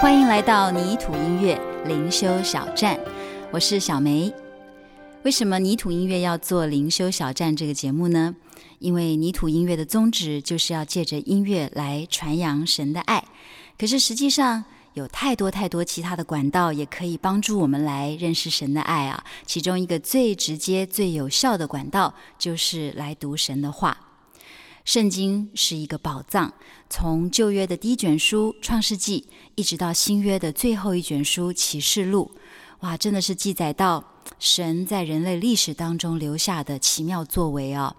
歡迎來到泥土音樂靈修小站，我是小梅。為什麼泥土音樂要做靈修小站這個節目呢？因為泥土音樂的宗旨就是要借着音樂來傳揚神的愛。可是實際上有太多太多其他的管道也可以幫助我們來認識神的愛啊。其中一個最直接、最有效的管道就是來讀神的話。聖經是一個寶藏，從舊約的第一卷書《創世記》，一直到新約的最後一卷書《啟示錄》，哇，真的是記載到神在人類歷史當中留下的奇妙作為啊！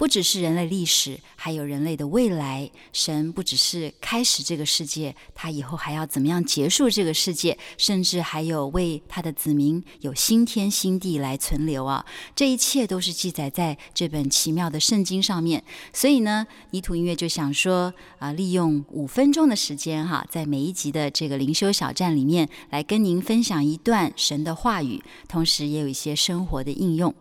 不只是人類歷史，還有人類的未來。神不只是開始這個世界，他以後還要怎麼樣結束這個世界？甚至還有為他的子民有新天新地來存留啊！這一切都是記載在這本奇妙的聖經上面。所以呢，泥土音樂就想說啊，利用五分鐘的時間哈，啊，在每一集的這個靈修小站裡面，來跟您分享一段神的話語，同時也有一些生活的應用。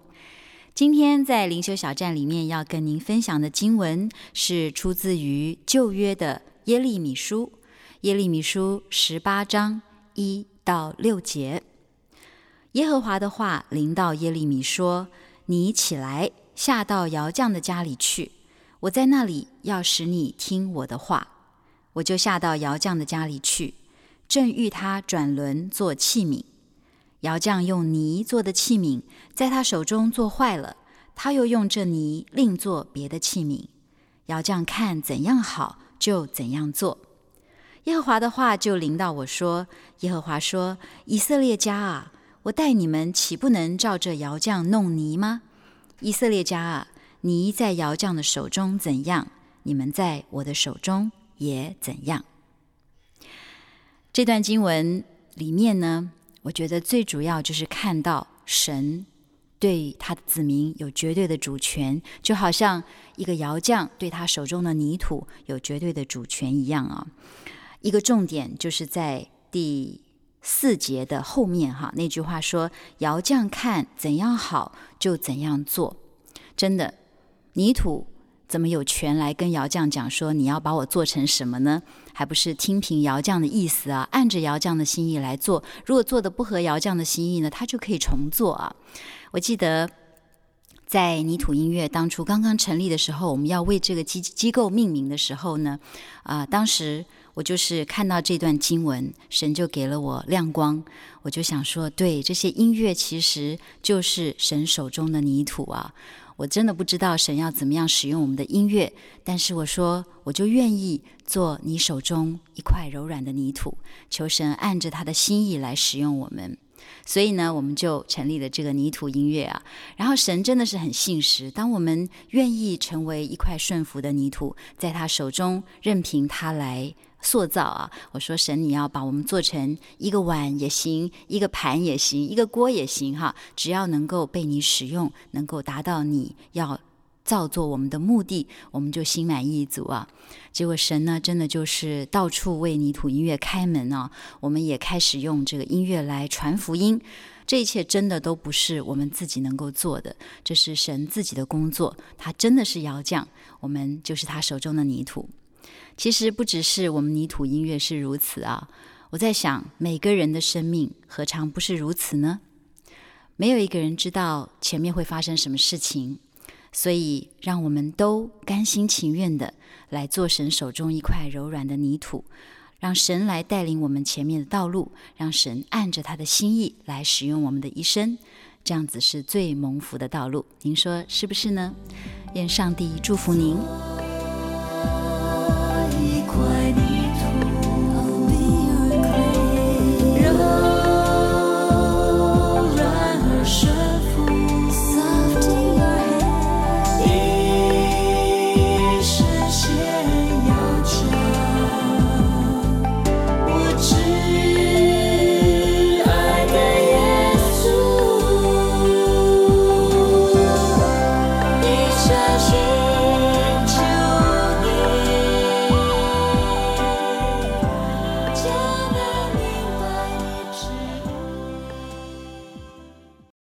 今天在靈修小站裡面要跟您分享的經文是出自於舊約的耶利米書，耶利米書十八章一到六節。耶和華的話臨到耶利米說：“你起來下到窯匠的家裡去，我在那裡要使你聽我的話。我就下到窯匠的家裡去，正遇他轉輪做器皿。”窯匠用泥做的器皿，在他手中做壞了，他又用這泥另做別的器皿。窯匠看怎樣好，就怎樣做。耶和華的話就臨到我說：“耶和華說，以色列家啊，我待你們豈不能照着窯匠弄泥嗎？以色列家啊，泥在窯匠的手中怎樣，你們在我的手中也怎樣。”這段經文裡面呢，我覺得最主要就是看到神對他的子民有絕對的主權，就好像一個窯匠對他手中的泥土有絕對的主權一樣啊、哦。一個重點就是在第四節的後面哈，那句話說：“窯匠看怎樣好就怎樣做。”真的，泥土。怎麼有權來跟窯匠講說你要把我做成什麼呢？還不是聽憑窯匠的意思啊，按着窯匠的心意來做。如果做得不合窯匠的心意呢，他就可以重做啊。我記得在泥土音樂當初剛剛成立的時候，我們要為這個機機構命名的時候呢，啊、呃，當時我就是看到這段經文，神就給了我亮光，我就想說，對，這些音樂其實就是神手中的泥土啊。我真的不知道神要怎麼樣使用我們的音樂，但是我說，我就願意做你手中一塊柔軟的泥土，求神按着他的心意來使用我們。所以呢，我們就成立了這個泥土音樂啊。然後神真的是很信實，當我們願意成為一塊順服的泥土，在他手中任憑他來塑造啊。我說神，你要把我們做成一個碗也行，一個盤也行，一個鍋也行哈，只要能夠被你使用，能夠達到你要。造作我們的目的，我們就心滿意足啊！結果神呢，真的就是到處為泥土音樂開門啊！我們也開始用這個音樂來傳福音。這一切真的都不是我們自己能夠做的，這是神自己的工作。他真的是窯匠。我們就是他手中的泥土。其實不只是我們泥土音樂是如此啊！我在想，每個人的生命何嘗不是如此呢？沒有一個人知道前面會發生什麼事情。所以，讓我們都甘心情願的來做神手中一塊柔軟的泥土，讓神來帶領我們前面的道路，讓神按着他的心意來使用我們的一生，這樣子是最蒙福的道路。您說是不是呢？願上帝祝福您。